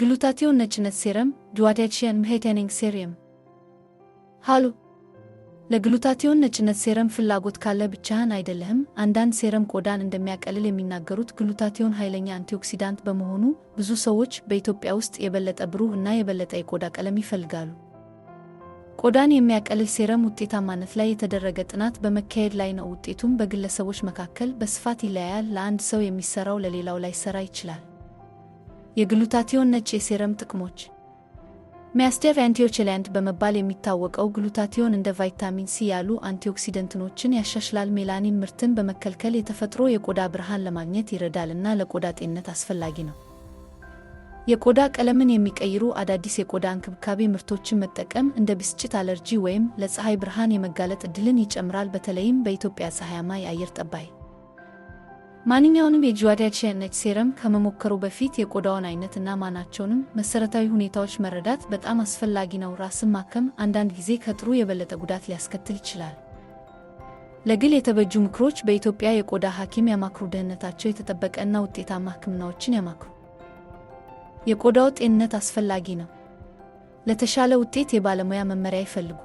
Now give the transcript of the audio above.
ግሉታቲዮን ነጭነት ሴረም ድዋዳችያን ምሄቴኒንግ ሴሪየም ሃሉ ለግሉታቲዮን ነጭነት ሴረም ፍላጎት ካለ ብቻህን አይደለህም። አንዳንድ ሴረም ቆዳን እንደሚያቀልል የሚናገሩት ግሉታቲዮን ኃይለኛ አንቲኦክሲዳንት በመሆኑ ብዙ ሰዎች በኢትዮጵያ ውስጥ የበለጠ ብሩህ እና የበለጠ የቆዳ ቀለም ይፈልጋሉ። ቆዳን የሚያቀልል ሴረም ውጤታማነት ላይ የተደረገ ጥናት በመካሄድ ላይ ነው። ውጤቱም በግለሰቦች መካከል በስፋት ይለያያል። ለአንድ ሰው የሚሰራው ለሌላው ላይሰራ ይችላል። የግሉታቲዮን ነጭ የሴረም ጥቅሞች ሚያስደር አንቲኦክሲዳንት በመባል የሚታወቀው ግሉታቲዮን እንደ ቫይታሚን ሲ ያሉ አንቲኦክሲደንትኖችን ያሻሽላል፣ ሜላኒን ምርትን በመከልከል የተፈጥሮ የቆዳ ብርሃን ለማግኘት ይረዳል እና ለቆዳ ጤንነት አስፈላጊ ነው። የቆዳ ቀለምን የሚቀይሩ አዳዲስ የቆዳ እንክብካቤ ምርቶችን መጠቀም እንደ ብስጭት፣ አለርጂ ወይም ለፀሐይ ብርሃን የመጋለጥ ዕድልን ይጨምራል፣ በተለይም በኢትዮጵያ ፀሐያማ የአየር ጠባይ ማንኛውንም የጂዋዳቺያን ነጭ ሴረም ከመሞከሩ በፊት የቆዳውን አይነት እና ማናቸውንም መሰረታዊ ሁኔታዎች መረዳት በጣም አስፈላጊ ነው። ራስን ማከም አንዳንድ ጊዜ ከጥሩ የበለጠ ጉዳት ሊያስከትል ይችላል። ለግል የተበጁ ምክሮች በኢትዮጵያ የቆዳ ሐኪም ያማክሩ። ደህንነታቸው የተጠበቀ ውጤታማ ሕክምናዎችን ያማክሩ። የቆዳው ጤንነት አስፈላጊ ነው። ለተሻለ ውጤት የባለሙያ መመሪያ ይፈልጉ።